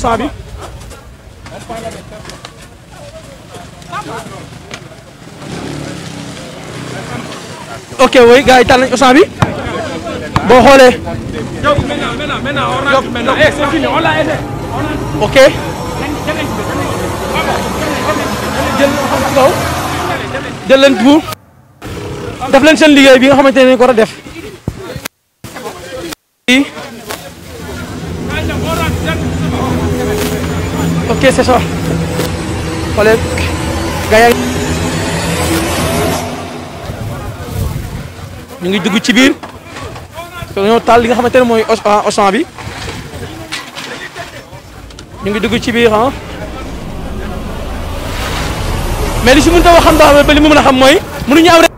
cent bi ok oui gars yi tànn nañu cent bi boo xoolee. ok. jël kaw jël leen seen liggéey bi nga xamante ne ko war a def. Ok, c'est ça. Allez, gars ñu ngi dugg ci biir dañoo taal li nga xamante ne mooy Auchan bi ñu ci biir ah. mais li si mënut a wax xam daal ba li mu a xam mooy mënuñu am rek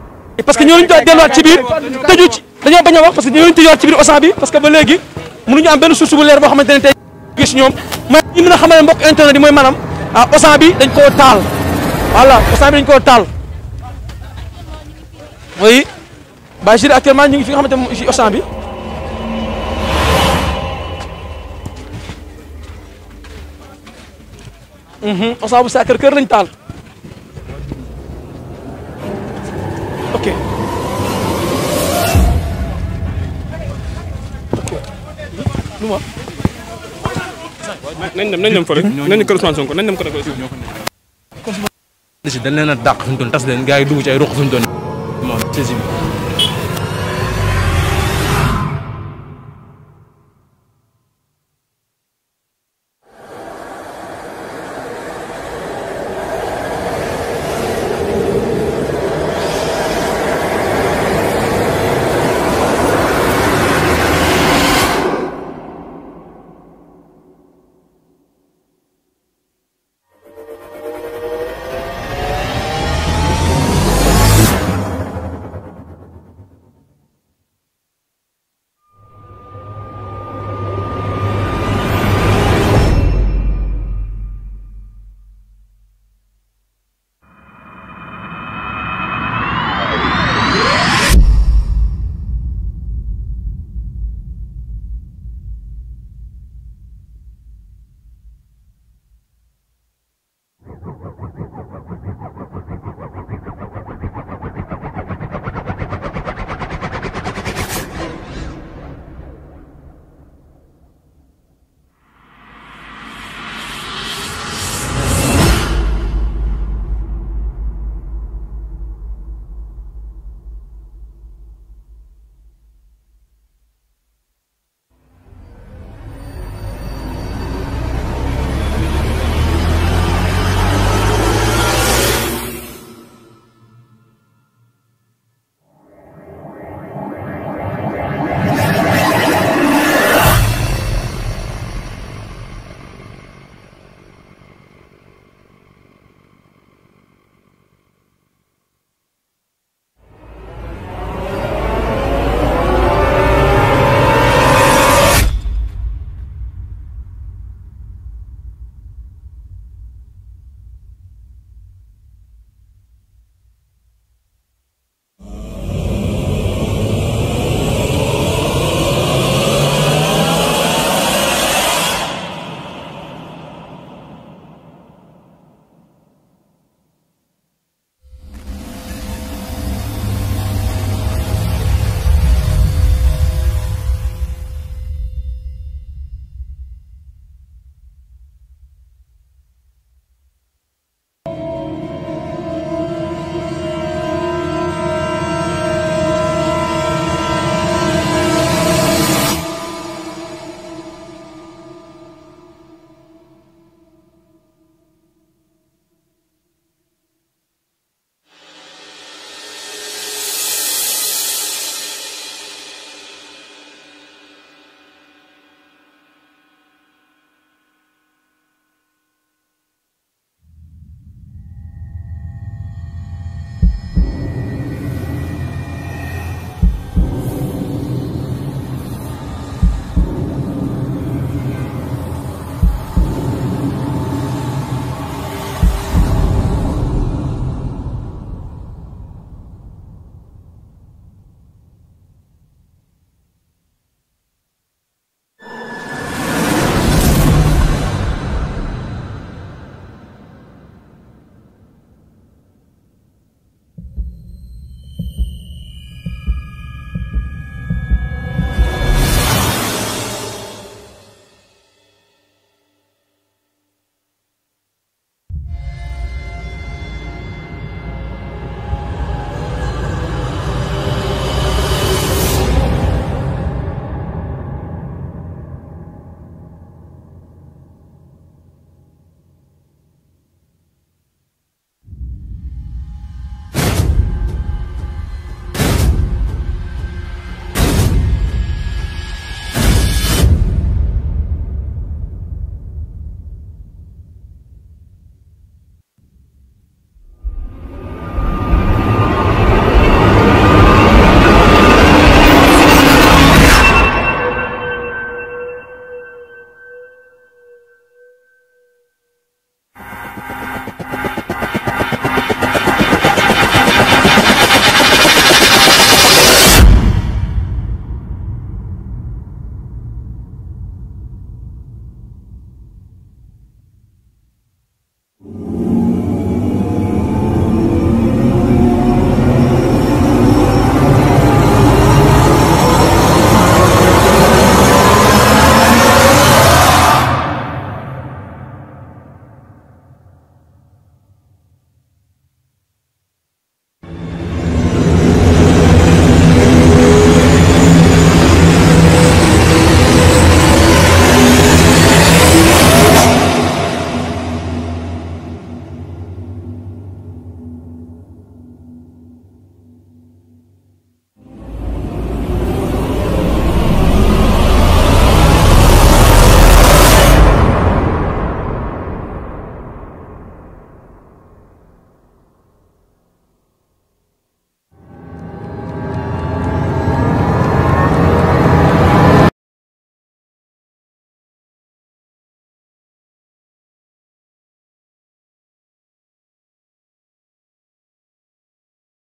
parce que ñooñu doon delluwaat ci tëju dañoo bañ a wax parce que ñooñu tëjuwaat ci biir bi parce que ba léegi mënuñu am benn source bu leer boo xamante ne tey gis ñoom ma ñu mën a xamal mbokk internet yi mooy maanaam ah Auchan bi dañ koo taal voilà Auchan bi dañ koo taal oui Bachir actuellement ñu ngi fi nga xamante ne si Auchan bi Auchan mhm, bu Sacré-Cœur lañ taal nañ dem nañ dem fële nañ dem kër Ousmane Sonko nañ dem kër Ousmane Sonko. dañ leen a dàq fi mu toll tas leen gars yi dugg ci ay ruq fi mu toll moom saisi bi